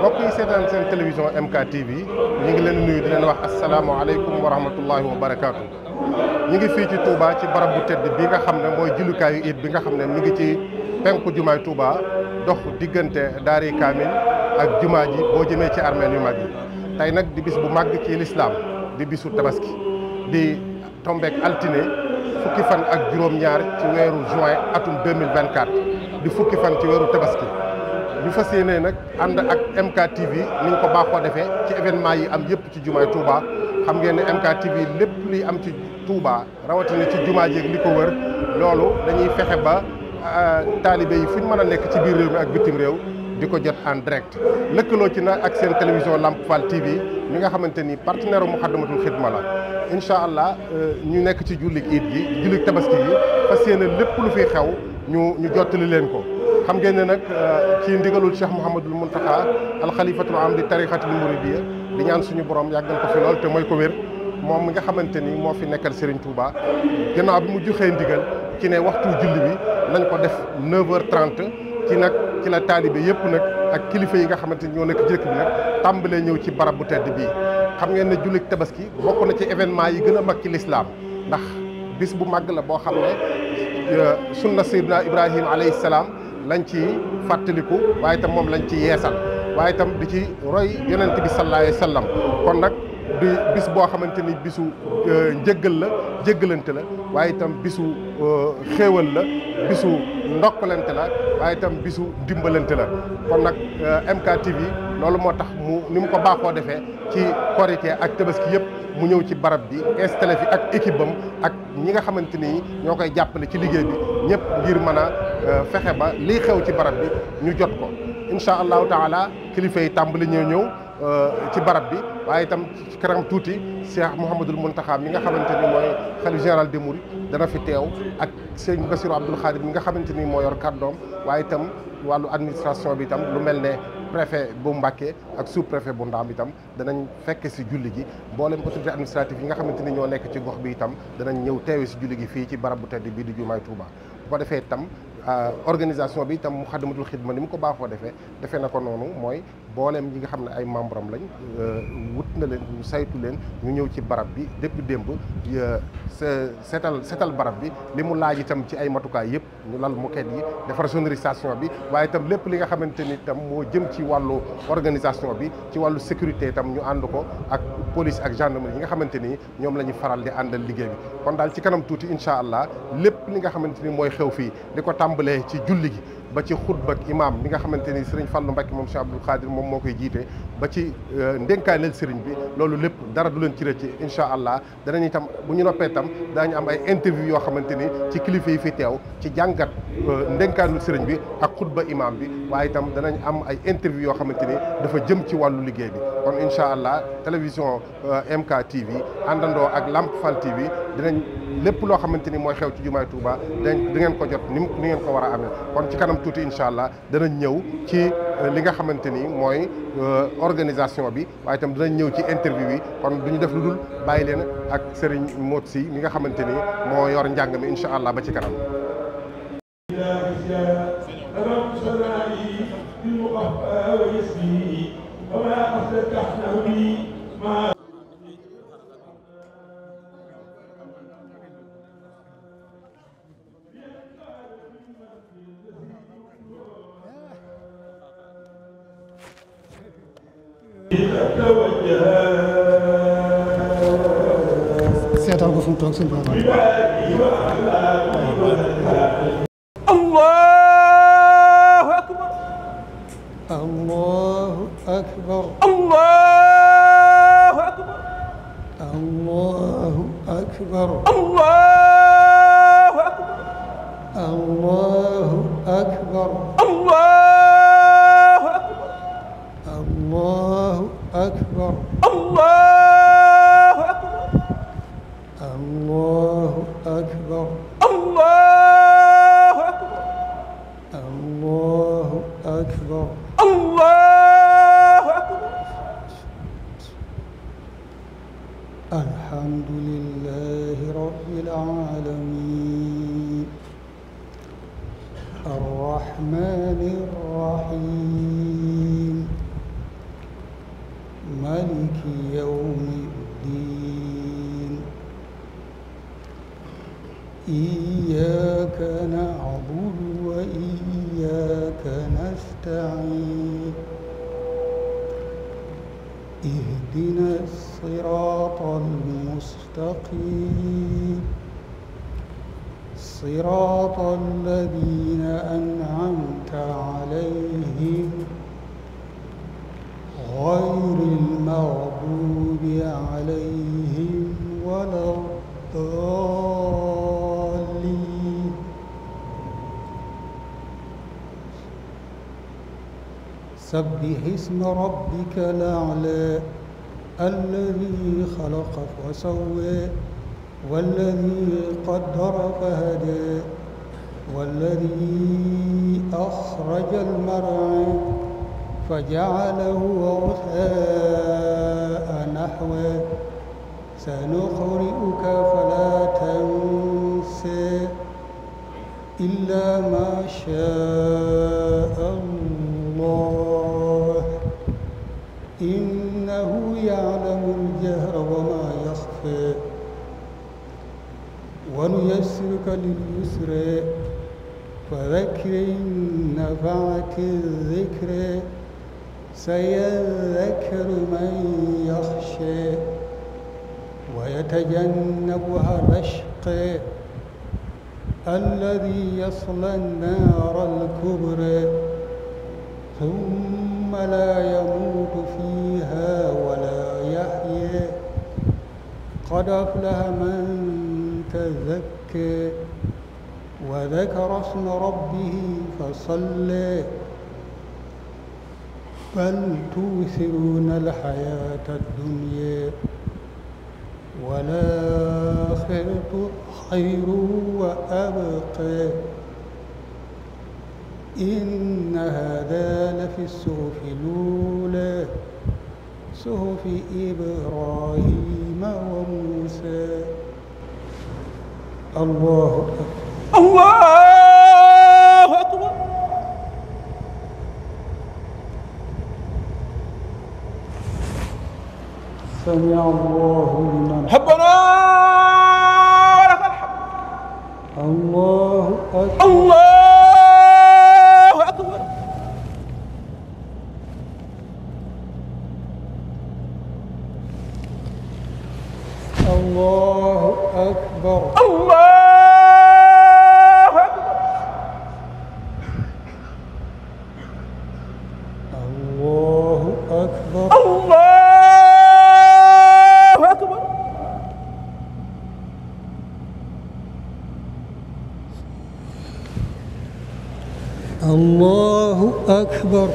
mbokk yi seetaan seen télévision MKTV ñu ngi leen nuyu di leen wax asalaamaaleykum wa rahmatullahi wa barakaatu. ñu ngi fii ci Touba ci barab bu tedd bi nga xam ne mooy jullukaayu it bi nga xam ne mi ngi ci penku jumaay tuuba dox diggante daari kaamil ak jumaa ji boo jëmee ci armeel yu mag yi tey nag di bis bu màgg ci lislaam di bisu tabaski di tombeek altine fukki fan ak juróom-ñaar ci weeru juin atum 2024 di fukki fan ci weeru tabaski ñu fas yéene nag ànd ak MKTV ni ñu ko baaxoo defee ci événement yi am yëpp ci jumaay Touba xam ngeen ne MKTV lépp li am ci Touba rawatina ci jumaa ji li ko wër loolu dañuy fexe ba euh, taalibe yi fu ñu mën a nekk ci biir réew mi ak bitim réew di ko jot en direct lëkkaloo ci nag ak seen télévision Lamp Fall TV mi nga xamante ni partenaire Muxaddamatul Xidma la incha allah euh, ñu nekk ci jullit iit yi jullit tabaski yi fas yéene lépp lu fiy xew ñu ñu jottali leen ko. xam ngeen ne nag euh, ci ndigalul Cheikh Mouhamadul Mountakha alxalifatul am di tarixatul muridiyya di ñaan suñu borom yàggal ko fi lool te mooy ko wér moom mi nga xamante ni moo fi nekkal Serigne Touba gannaaw bi mu joxee ndigal ci ne waxtu julli bi nañ ko def 9h30 ci nag ci la taalibe yëpp nag ak kilifa yi nga xamante ni ñoo nekk jëkk bi nag tàmbalee ñëw ci barab bu tedd bii. xam ngeen ne jullit tabaski bokk na ci événement yi gën a mag ci lislaam ndax bis bu mag la boo xam ne euh, sunna Seydina Ibrahima salaam. lañ ci fàttaliku waaye itam moom lañ ci yeesal waaye itam di ci roy yonent bi sallallahu alayhi sallam kon nag di bis boo xamante ni bisu euh, njëggal la jëggalante la waaye itam bisu euh, xéewal la bisu ndokkalante la waaye itam bisu dimbalante la kon nag euh, MKTV loolu moo tax mu ni mu ko baaxoo defee ci korité ak tabaski yëpp mu ñëw ci barab bi installé fi ak équipe ak ñi nga xamante ni ñoo koy jàppale ci liggéey bi ñëpp ngir mën a euh, fexe ba lii xew ci barab bi ñu jot ko incha allahu taala kilifa yi tàmbali ñëw ñëw euh, ci barab bi waaye itam ci kanam tuuti Cheikh Mouhamadul Mountakha ñi nga xamante ni mooy xalif général des Mourides dana fi teew ak seen Bassirou Abdoul Khadim mi nga xamante ni moo yor kàddoom waaye itam wàllu administration bi itam lu mel ne préfet bu Mbacké ak sous préfet bu mi itam danañ fekke si julli gi mboolem autorité administrative yi nga xamante ne ñoo nekk ci gox bi itam danañ ñëw teewe si julli gi fii ci barab bu tedd bii di jumaay Touba bu ko defee itam euh, organisation bi itam mu xaddamatul xidma ni mu ko baaxoo defee defee na ko noonu mooy booleem ñi nga xam ne ay membre am lañ euh, wut na leen ñu saytu leen ñu ñëw ci barab bi depuis démb euh, setal seetal barab bi li mu laaj itam ci ay matukaay yëpp ñu lal moquette yi defar sonorisation bi waaye itam lépp li nga xamante ni itam moo jëm ci wàllu organisation bi ci wàllu sécurité itam ñu ànd ko ak police ak gendarmerie yi nga xamante ni ñoom la ñu faral di àndal liggéey bi kon daal ci kanam tuuti incha allah lépp li nga xamante ni mooy xew fii di ko tàmbalee ci julli gi ba ci xutba ak imaam bi nga xamante ni sëriñ Fallou Mbacke moom Cheikh Abdoul Khadir moom moo koy jiite ba ci euh, ndénkaaneel sëriñ bi loolu lépp dara du leen ci rëcc incha allah danañ itam bu ñu noppee tam daañu am ay interview yoo xamante ni ci kilifa yi fi teew ci jàngat euh, ndénkaanul sëriñ bi ak xutba imaam bi waaye itam danañ am ay interview yoo xamante ni dafa jëm ci wàllu liggéey bi kon incha allah télévision euh, MK TV àndandoo ak Lamp Fall TV dinañ lépp loo xamante ni mooy xew ci jumaay Touba da ngeen ko jot ni ngeen ko war amee kon ci kanam tuuti incha allah danañ ñëw ci li nga xamante ni mooy organisation bi waaye itam danañ ñëw ci interview yi kon du ñu def lu dul bàyyi leen ak sëriñ Modou Sy mi nga xamante ni moo yor njàng mi incha allah ba ci kanam. seetal ko fu mu toog sëñ Ba المغضوب عليهم ولا الضالين سبح اسم ربك الأعلى الذي خلق فسوى والذي قدر فهدى والذي أخرج المرعى فجعله غثاء نحوه سنقرئك فلا تنسى إلا ما شاء الله إنه يعلم الجهر وما يخفى ونيسرك لليسر فذكر إن نفعت الذكر سيذكر من يخشى ويتجنبها الأشقى الذي يصلى النار الكبرى ثم لا يموت فيها ولا يحيى قد أفلح من تزكى وذكر اسم ربه فصلى بل توثرون الحياة الدنيا والآخرة خير وأبقى إن هذا لفي الصحف الأولى صحف إبراهيم وموسى الله أكبر الله سمع الله لمن ربنا ولك الحمد الله أكبر الله أكبر الله أكبر الله Akbar.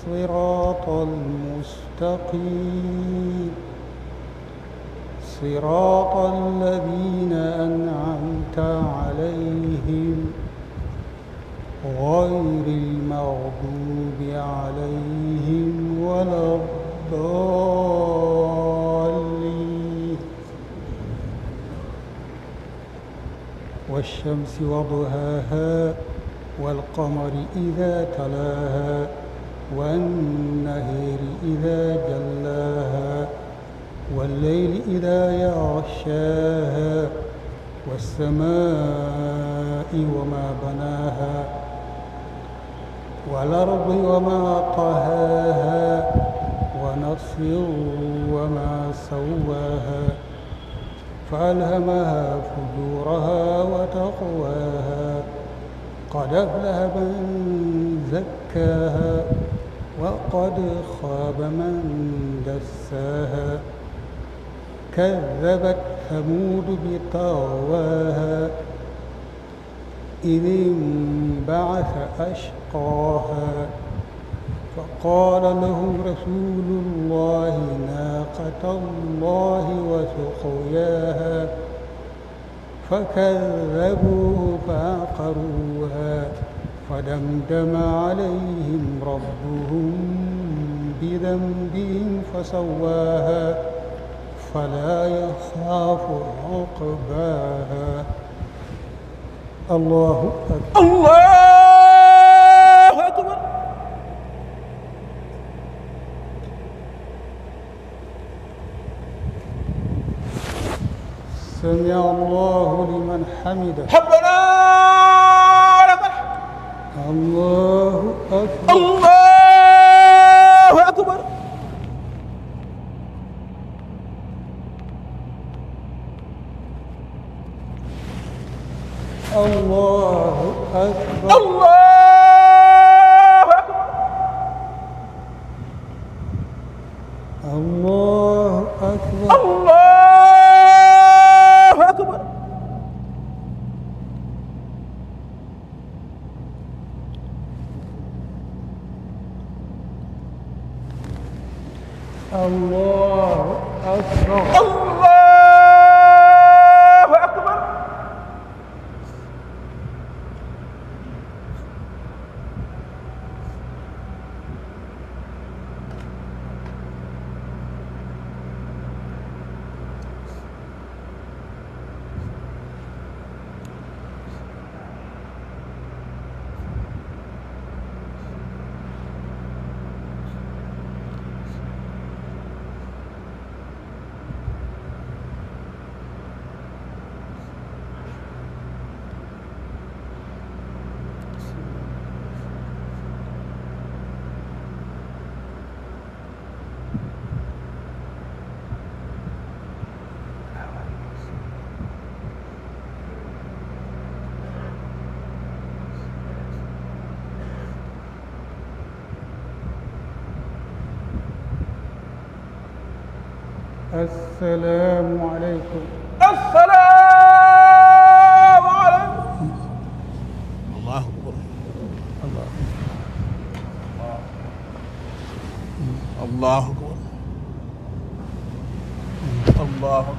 الصراط المستقيم صراط الذين أنعمت عليهم غير المغضوب عليهم ولا الضالين والشمس وضهاها والقمر إذا تلاها والنهر إذا جلاها والليل إذا يغشاها والسماء وما بناها والأرض وما طهاها ونفس وما سواها فألهمها فجورها وتقواها قد أفلح من زكاها وقد خاب من دساها كذبت ثمود بطغواها إذ انبعث أشقاها فقال لهم رسول الله ناقة الله وسقياها فكذبوه فعقروها ودمدم عليهم ربهم بذنبهم فسواها فلا يخاف عقباها الله أكبر الله أكبر سمع الله لمن حمده السلام عليكم السلام عليكم الله أكبر الله الله أكبر الله أكبر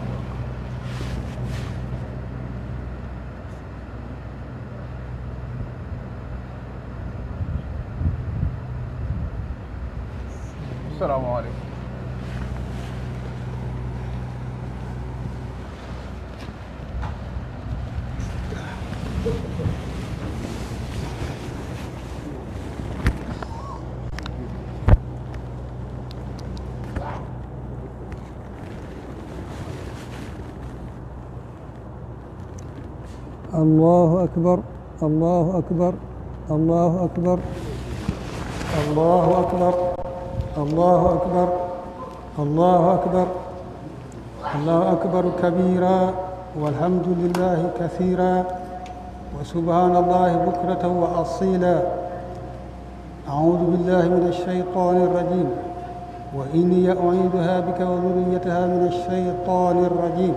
السلام عليكم الله أكبر الله أكبر الله أكبر الله أكبر الله أكبر الله أكبر الله أكبر كبيرا والحمد لله كثيرا وسبحان الله بكرة وأصيلا أعوذ بالله من الشيطان الرجيم وإني أعيدها بك وذريتها من الشيطان الرجيم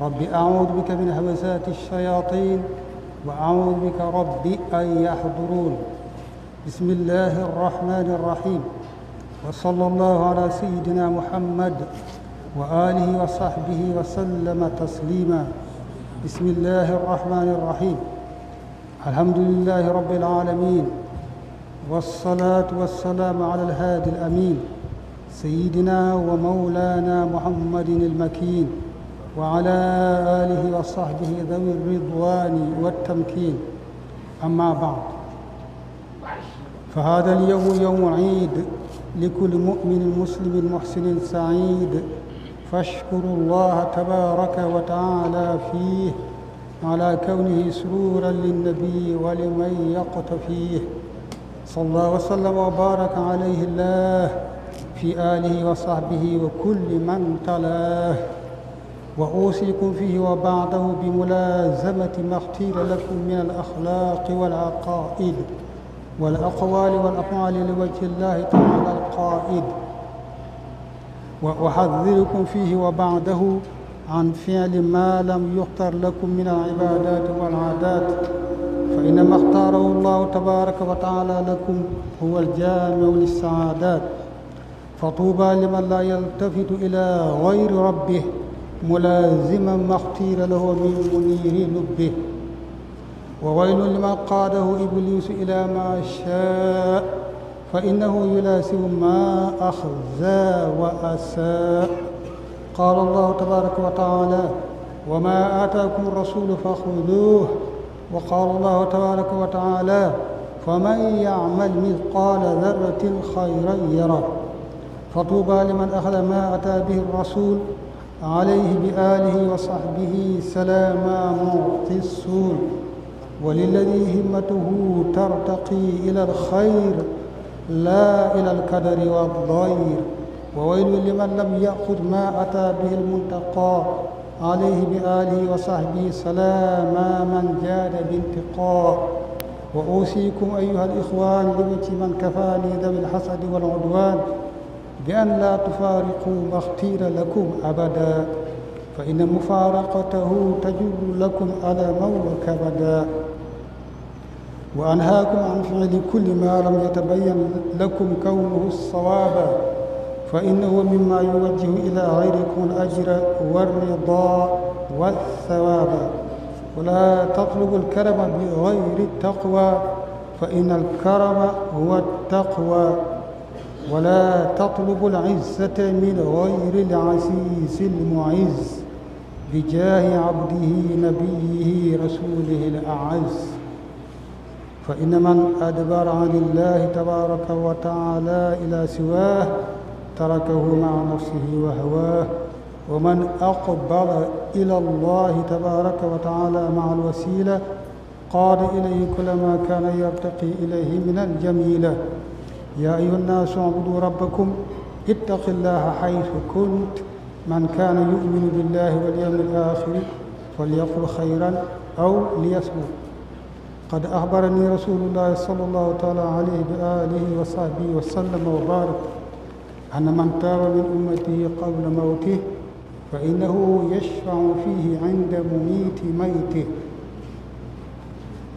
رب أعوذ بك من همسات الشياطين وأعوذ بك رب أن يحضرون بسم الله الرحمن الرحيم وصلى الله على سيدنا محمد وآله وصحبه وسلم تسليما بسم الله الرحمن الرحيم الحمد لله رب العالمين والصلاة والسلام على الهادي الأمين سيدنا ومولانا محمد المكين وعلى آله وصحبه ذوي الرضوان والتمكين أما بعد فهذا اليوم يوم عيد لكل مؤمن مسلم محسن سعيد فاشكروا الله تبارك وتعالى فيه على كونه سرورا للنبي ولمن يقتفيه صلى الله وسلم وبارك عليه الله في آله وصحبه وكل من تلاه وأوصيكم فيه وبعده بملازمة ما اختير لكم من الأخلاق والعقائد والأقوال والأفعال لوجه الله تعالى القائد وأحذركم فيه وبعده عن فعل ما لم يختر لكم من العبادات والعادات فإنما اختاره الله تبارك وتعالى لكم هو الجامع للسعادات فطوبى لمن لا يلتفت إلى غير ربه ملازما ما اختير له من منير لبه وويل لمن قاده إبليس إلى ما شاء فإنه يلاسم ما أخزى وأساء قال الله تبارك وتعالى وما آتاكم الرسول فخذوه وقال الله تبارك وتعالى فمن يعمل مثقال ذرة خيرا يره فطوبى لمن أخذ ما أتى به الرسول عليه بآله وصحبه سلام معطي السور وللذي همته ترتقي إلى الخير لا إلى الكدر والضير وويل لمن لم يأخذ ما أتى به المنتقى عليه بآله وصحبه سلام من جاد بانتقاء وأوصيكم أيها الإخوان بمت من كفاني ذوي الحسد والعدوان bi an laa tufaariqu maxtiira lakum abada fa inna mufaaraqatahu tajurru lakum alaman wa kabada wa anhaakum an fiili kulli maa lam yatabayan lakum kawnuhu sawaaba fa innahu mimma yuwajjihu ilaa gayrikum al ajra walridaa walsawaaba wala tatlubu alkarama bi gayri taqwa fa inna alkarama huwa taqwa ولا تطلب العزة من غير العزيز المعز بجاه عبده نبيه رسوله الأعز فإن من أدبر عن الله تبارك وتعالى إلى سواه تركه مع نفسه وهواه ومن أقبل إلى الله تبارك وتعالى مع الوسيلة قاد إليه كل ما كان يرتقي إليه من الجميلة يا أيها الناس اعبدوا ربكم اتقوا الله حيث كنت من كان يؤمن بالله واليوم الآخر فليقل خيرا أو ليصمت قد أخبرني رسول الله صلى الله تعالى عليه بآله وصحبه وسلم وبارك أن من تاب من أمته قبل موته فإنه يشفع فيه عند مميت ميته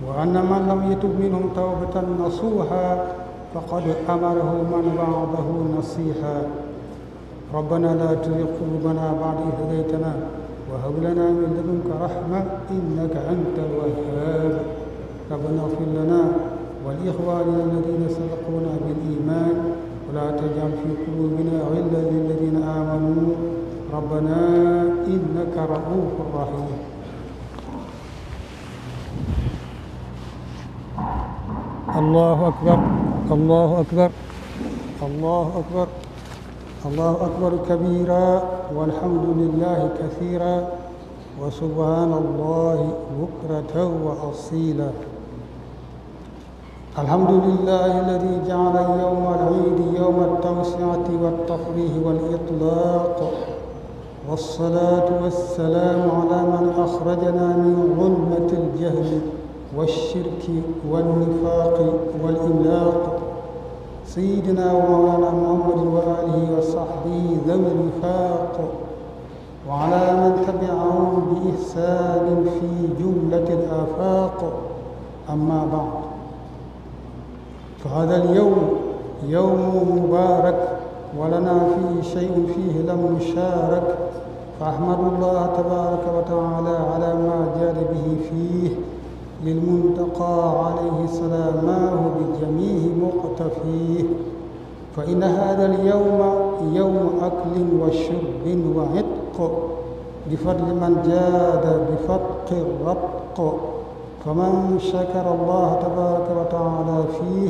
وأن من لم يتب منهم توبة نصوحا فقد أمره من وعظه نصيحا ربنا لا تزغ قلوبنا بعد إذ هديتنا وهب لنا من لدنك رحمة إنك أنت الوهاب ربنا اغفر لنا ولإخواننا الذين سبقونا بالإيمان ولا تجعل في قلوبنا غلا للذين آمنوا ربنا إنك رؤوف رحيم الله أكبر الله أكبر الله أكبر الله أكبر كبيرا والحمد لله كثيرا وسبحان الله بكرة وأصيلا الحمد لله الذي جعل يوم العيد يوم التوسعة والتفريح والإطلاق والصلاة والسلام على من أخرجنا من ظلمة الجهل والشرك والنفاق والإملاق سيدنا ومولانا محمد وآله وصحبه ذوي الوفاق وعلى من تبعهم بإحسان في جملة الآفاق أما بعد فهذا اليوم يوم مبارك ولنا فيه شيء فيه لم نشارك فأحمد الله تبارك وتعالى على ما جاد به فيه للمنتقى عليه سلاماه بجميع مقتفيه فإن هذا اليوم يوم أكل وشرب وعتق بفضل من جاد بفتق الرتق فمن شكر الله تبارك وتعالى فيه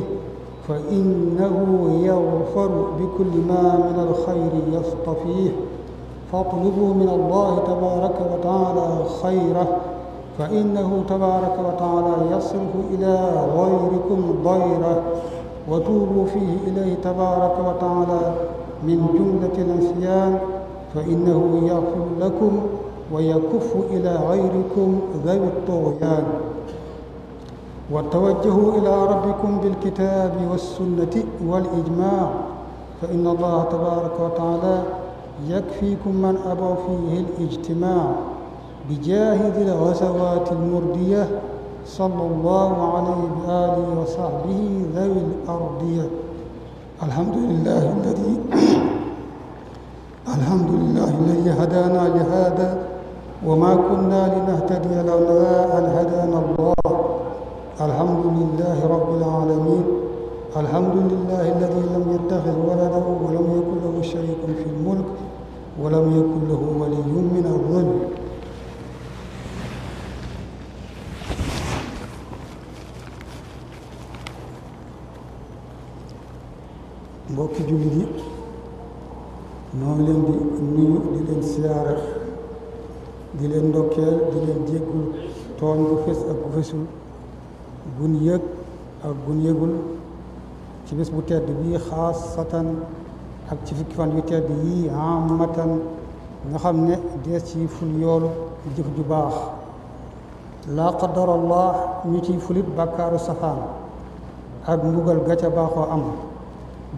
فإنه يغفر بكل ما من الخير يصطفيه فاطلبوا من الله تبارك وتعالى خيره فإنه تبارك وتعالى يصرف إلى غيركم ضيره وتوبوا فيه إليه تبارك وتعالى من جملة العصيان فإنه يغفر لكم ويكف إلى غيركم ذوي الطغيان وتوجهوا إلى ربكم بالكتاب والسنة والإجماع فإن الله تبارك وتعالى يكفيكم من أبوا فيه الاجتماع بجاه ذي الغزوات المردية صلى الله عليه بآله وصحبه ذوي الأرضية الحمد لله الذي الحمد لله الذي هدانا لهذا وما كنا لنهتدي لولا أن هدانا الله الحمد لله رب العالمين الحمد لله الذي لم يتخذ ولدا ولم يكن له شريك في الملك ولم يكن له ولي من الظلم mbokki jullit yi noo leen di nuyu di leen siyaara di leen ndokkeel di leen jéggul tooñ bu fés ak bu fésul gun yëg ak gun yëgul ci bés bu tedd bii xaasatan ak ci fukki fan yu tedd yii amatan nga xam ne dees ci ful yoolu jëf ju baax laa qadarallah ñu ciy fulit bàkkaaru safaan ak mbugal ga ca baaxoo am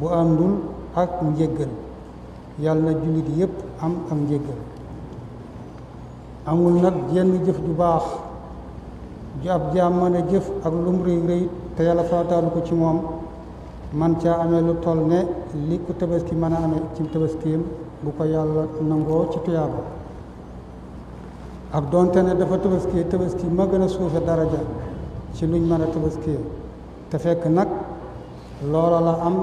bu àndul ak njégal yàlla na jullit yépp am am njëggal amul nag jenn jëf ju baax ju ab jaam mën a jëf ak lum rëy rëy te yàlla farataalu ko ci moom man ca amee lu toll ne li ku tabaski mën a amee ci tabaskiyam bu ko yàlla nangoo ci tuyaaba ak doonte ne dafa tabaski tabaski ma gën a suufe daraja ci luñ mën a tabaskiyee te fekk nag loola la am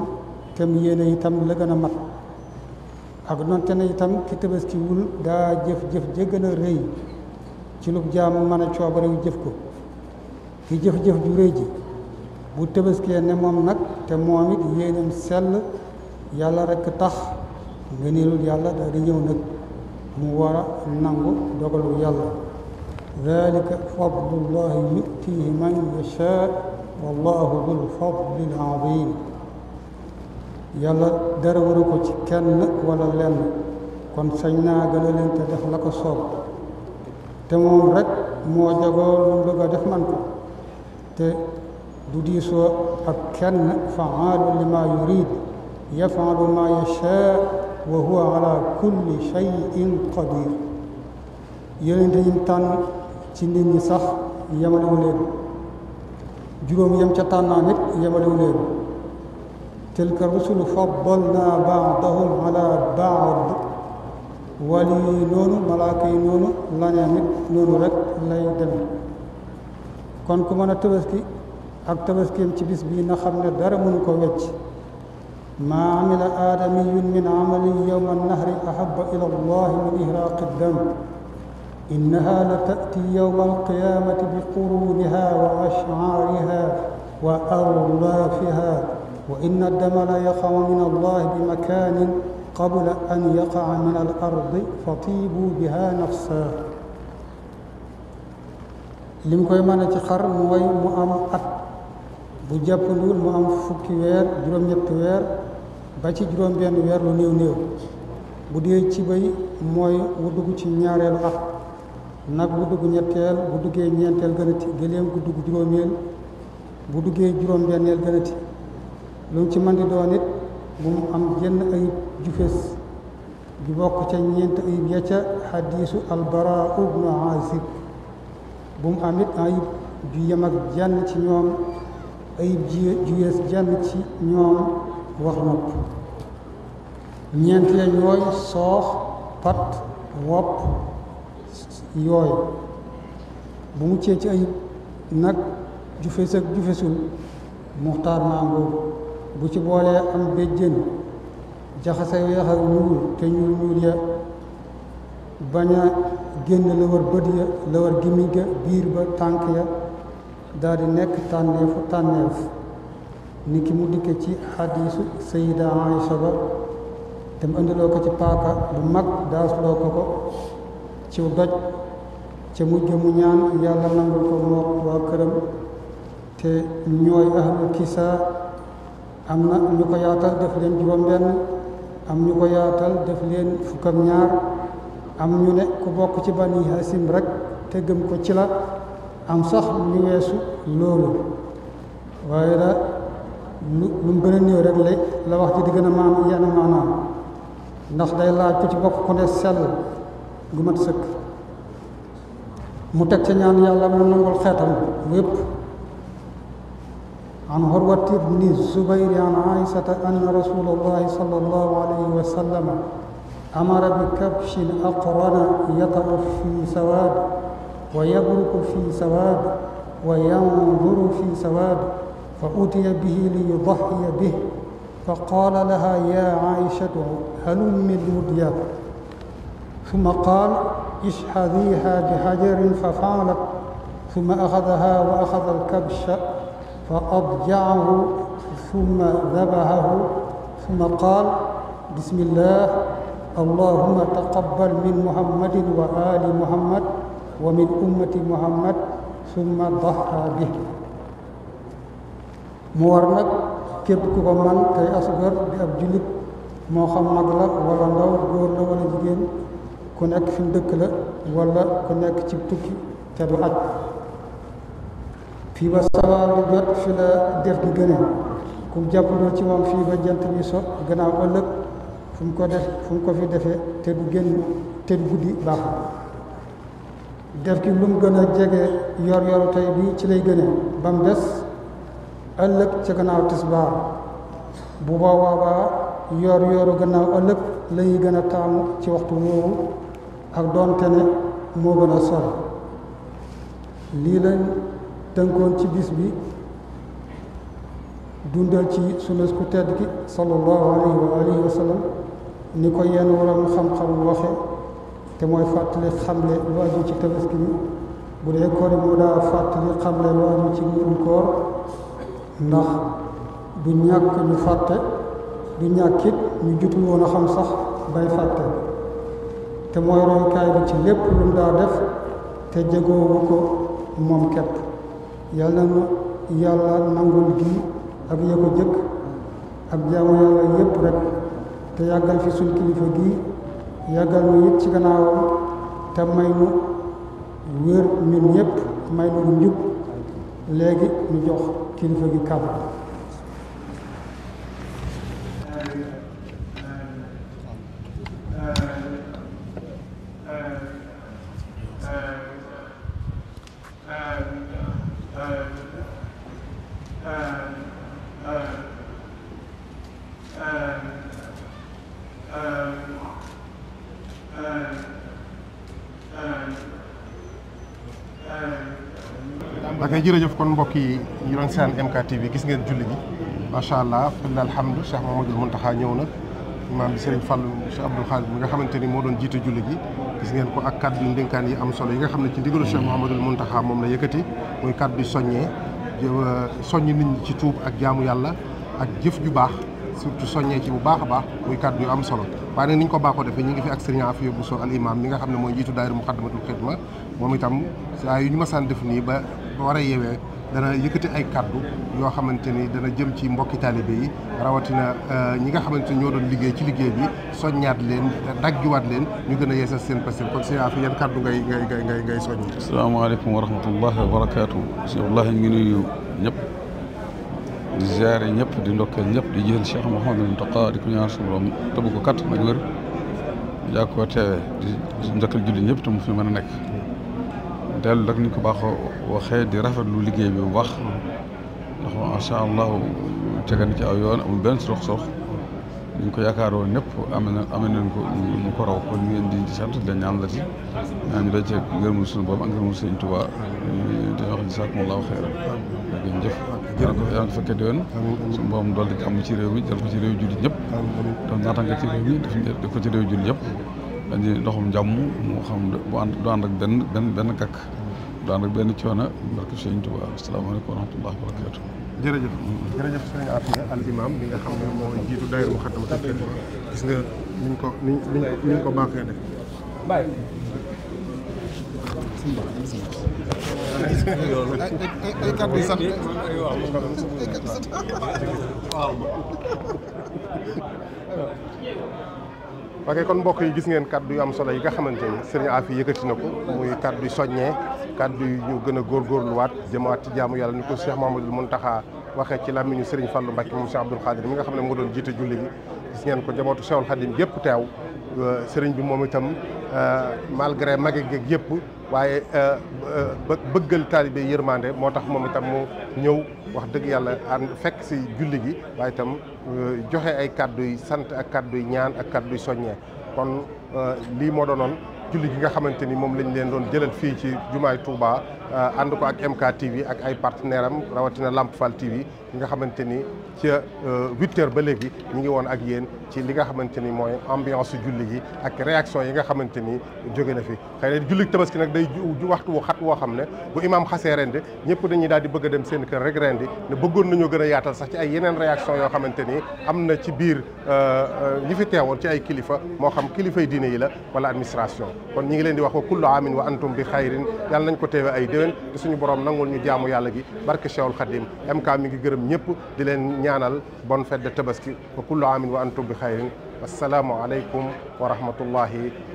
te mu yéene itam la gën a mat ak nonte ne itam ki tabaski wul daa jëf-jëf ja gën a rëy ci lu jaam mën a coobarewu jëf ko ki jëf-jëf ju rëy ji bu tabaskee ne moom nag te moom it yéeneem sell yàlla rekk tax nga niilul yàlla daal di ñëw nag mu war a nangu dogalu yàlla dalika fadlullahi yutihi man yashaa wallahu dul fadlil azim yàlla dara waru ci kenn wala lenn kon sañ naa gën a leen te la ko soob te moom rek moo jagoo lu mu bëgg a def man te du diisoo ak kenn faalu li ma yurid yafalu ma yashaa wa huwa ala kulli shay'in qadir yonente yi mu ci nit ñi sax yemalewu leen juróom yem ca tànnaa nit yemalewu leen tilka rusulu faddalnaa ba'dahum alaa ba'd wali yi noonu malaaka yi noonu laneen it noonu rek lay demee kon ku mën a tabaski ak tabaskim ci bis bii na xam ne dara mënu ko wecc maa amila aadamiyun min amalin yowma annahri ahaba ila allahi min ihraaqi dam innaha la taati yowma alqiyaamati bi quruuniha wa ashcaariha wa arlaafiha وإن الدم لا يقع من الله بمكان قبل أن يقع من الأرض فطيبوا بها نفسا lim koy mën ci xar mooy mu am at bu jàppandul mu am fukki weer juróom-ñetti weer ba ci juróom-benn weer lu néew néew bu dee ci bay mooy wu dugg ci ñaareelu at nag bu dugg ñetteel bu duggee ñeenteel gënati gëléem gu dugg juróomeel bu duggee juróom-benneel gënati lu ci mën di doon it bu mu am jenn ayib ju fees di bokk ca ñeent ayib ya ca xadiisu albara ubnu azib bu mu am it ayib ju ak jenn ci ñoom ayib ju yees ci ñoom wax nopp ñeent ya ñooy soox pat wopp yooy bu mu ci ayib nag ju fees ak ju muxtaar maa ngoogu bu ci boolee am béjjën jaxase weex ak te ñuul ñuul ya bañ génn la war bët ya la war ga biir ba tànk ya daal nekk tànneefu tànneef ni ki mu dikk ci xadiisu sayida Aïcha ba te mu indiloo ko ci paaka bu mag daasloo ko ko ci doj ca mujj mu ñaan yàlla nangul ko moo waa këram te ñooy ahlu kisaa am na ñu ko yaatal def leen juróom-benn am ñu ko yaatal def leen fukkam ñaar am ñu ne ku bokk ci bani hasim rekk te gëm ko ci la am sax lu weesu loolu waaye da lu lu mu gën a néew la wax ci di gën a maanaam yenn ndax day laaj ku ci bokk ku ne sell gu mat sëkk mu teg ca ñaan yàlla mu nangul xeetam bu عن هروة بن الزبير عن عائشة أن رسول الله صلى الله عليه وسلم أمر بكبش أقرن يطأ في سواد ويبرك في سواد وينظر في سواد فأتي به ليضحي به فقال لها يا عائشة هلم الوديان ثم قال اشحذيها بحجر ففعلت ثم أخذها وأخذ الكبش فأضجعه ثم ذبحه ثم قال بسم الله اللهم تقبل من محمد وآل محمد ومن أمة محمد ثم ضحى به mu war nag képp ku ko man tey asgar di ab jullit moo xam mag la wala ndaw góor la wala jigéen ku nekk fi mu dëkk la wala ku nekk ci tukki te du aj fii ba sawaar di jot fi la def gi gëne kum jàppandoo ci moom fii ba jant bi so gannaaw ëllëg fu ko def fu ko fi defee te du génn te du guddi baaxul def gi lu mu gën a jege yor yoru tey bi ci lay gëne ba mu des ëllëg ca gannaaw tisbaar bu boobaa baa yor yoru gannaaw ëllëg lañuy gën a taamu ci waxtu woowu ak doonte ne moo gën a sore tënkoon ci bis bi dundal ci sunes ku tedd ki sallallahu alayhi wa ni ko yenn waroon xam-xam waxe te mooy fàttali xamle lu aju ci tabaski bi bu dee koor moo ci mbirum koor ndax du ñàkk ñu fàtte du ñàkkit ñu jutul woon a xam sax bay fàtte te mooy roykaay bi ci lépp lu mu daa def te jegoowu ko moom kepp yàlla na yàlla nangul gi ak ya ko jëkk ak jaamu yàlla yépp rek te yàggal fi suñ kilifa gi yàggal mu it ci gannaawam te may nu wér ñun ñëpp may nu njub léegi ñu jox kilifa gi kàddu mais jërëjëf kon mbokk yi ñu doon seen MKTV gis ngeen julli gi macha allah filla alhamdu Cheikh Mamadou Mountakha ñëw na maam bi Serigne Fallou Cheikh Abdoul Khadir mi nga ni moo doon jiite julli gi gis ngeen ko ak kàddu yu ndénkaan yi xam ne ci ndigalu Cheikh Mouhamadul Mountakha moom la yëkkati muy kàddu soññee soññ nit ñi ci tuub ak jaamu yàlla ak jëf ju baax surtout soññee ci bu baax a baax muy kàddu yu am solo waaye nag ni ñu ko baaxoo defee ñu ngi fi ak Serigne Afia Bousso al imam mi nga xam ne mooy njiitu daayira Muxaddamatul Xidma moom itam nii ba war a yeewee dana yëkkati ay kàddu yoo xamante ni dana jëm ci mbokki taalibe yi rawatina euh, ñi nga xamante ñoo doon liggéey ci liggéey bi soññaat leen daggiwaat leen ñu gën a yeesal seen pastel kon a afi yan kàddu ngay ngay ngay ngay ngay soññi asalaamaaleykum wa rahmatullah wa barakaatu Cheikh Abdoulahi ngi nuyu ñëpp di ziare ñëpp di ndokkeel ñëpp di jël Cheikh Mouhamadou Mountakha di ko ñaan suñu borom tëbb ko katt nag wér jàkkoo teewee di ndokkeel julli ñëpp te mu fi mën a nekk dellu rek ni ko baaxoo waxee di rafetlu liggéey bi bu baax ndax macha allah tege na ci aw yoon amul benn sox-sox ñu ngi ko yaakaaroon ñëpp am na am nañ ko mu ko raw ko ñu ngeen di sant am leen ñaan la ci ñaan ñu dajee ngërëmu suñu boobu ak ngërëmu sëñ Tuubaa di wax jazaakumullaahu xayran jëf yaa ngi ko déwén suñu boobu dool di am ci réew mi dal ko ci réew jullit ñëpp doon naataange ci réew mi def ko ci réew jullit ñëpp dañuy doxum jàmm moo xam bu ànd benn benn benn gàkk du ànd ak benn coono barke Sëriñ Tuubaa asalaamaaleykum wa rahmatullahi wa al imam bi nga xam ne moo jiitu daayira Moukhaddamatoul Khidma gis nga ko niñ ok kon mbokk yi gis ngeen kàddu yu am solo yi nga xamante ni sëriñ Afi yëkkati na ko muy kàddu yu soññee kàddu yu ñu gën a góorgóorluwaat jëmaat ci jaamu yàlla ni ko Cheikh Mamadou Mountakha waxee ci làmmiñu sëriñ Fallou Mbacke moom Cheikh Abdoul Khadir mi nga xam ne moo doon jiite julli gi gis ngeen ko jabootu Cheikhul Khadim yëpp teew sëriñ bi moom itam euh, malgré mage géeg yëpp waaye euh, bëggal taalibe yërmande moo tax moom itam mu ñëw wax dëgg yàlla ànd fekk si julli gi waaye itam euh, joxe ay kàddu yi sant ak kàddu yi ñaan ak kàddu yi soññee kon euh, lii moo doonoon julli gi nga xamante ni moom lañu leen doon jëlal fii ci jumaay Touba Euh, ànd ko ak MK TV ak ay partenaire am rawatina Lamp Fall TV yi nga xamante ni ca euh, huit heures ba léegi ñu ngi woon ak yéen ci li nga xamante ni mooy ambiance julli yi ak réaction yi nga xamante ni jóge na fi xëy na julli tabaski nag day waxtu wu xat woo xam ne bu imaam xasee rendi ñëpp dañuy daal di bëgg dem seen kër rek rendi ne bëggoon nañoo gën a yaatal sax ci ay yeneen réaction yoo xamante ni am na ci biir euh, ñi fi teewoon ci ay kilifa moo xam kilifay diine yi la wala administration kon ñi ngi leen di wa antum bi xayrin yàlla nañ ko teewe ay déwén suñu borom nangul ñu jaamu yàlla gi barke Cheikhul Khadim mi ngi gërëm ñëpp di leen ñaanal bonne fête de tabaski wa kullu wa antum bi xayrin assalaamu aleykum wa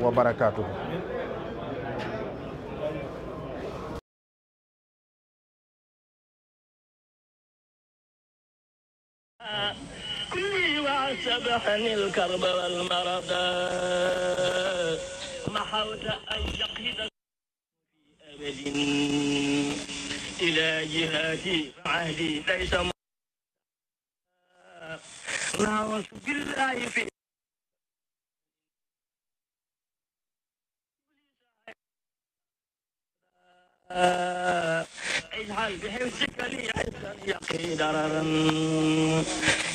wa barakaatuhu أجل إلى جهاتي فعهدي ليس ناولت بالله في اجعل بحفظك لي عز اليقين دررا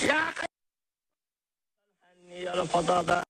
يا قلبي الفضاء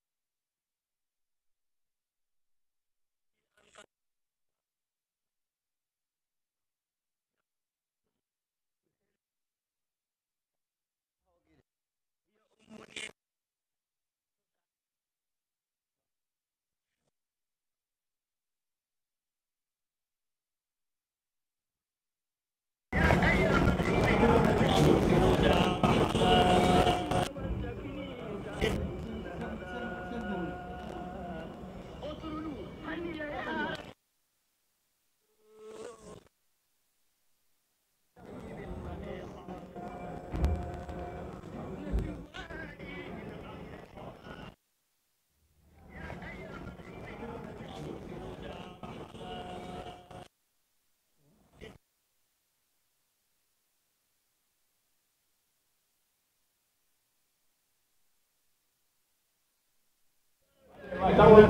dawal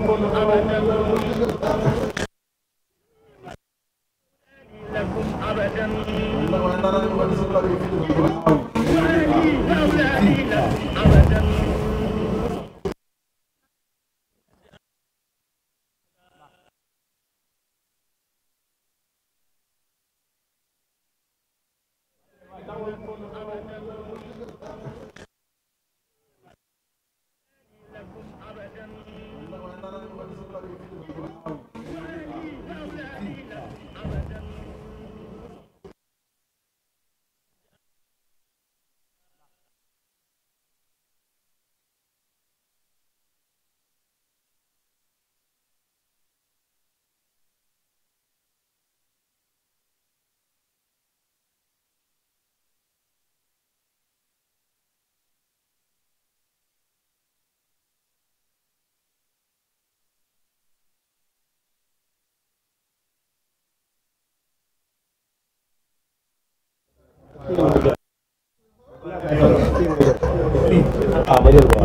hayırlı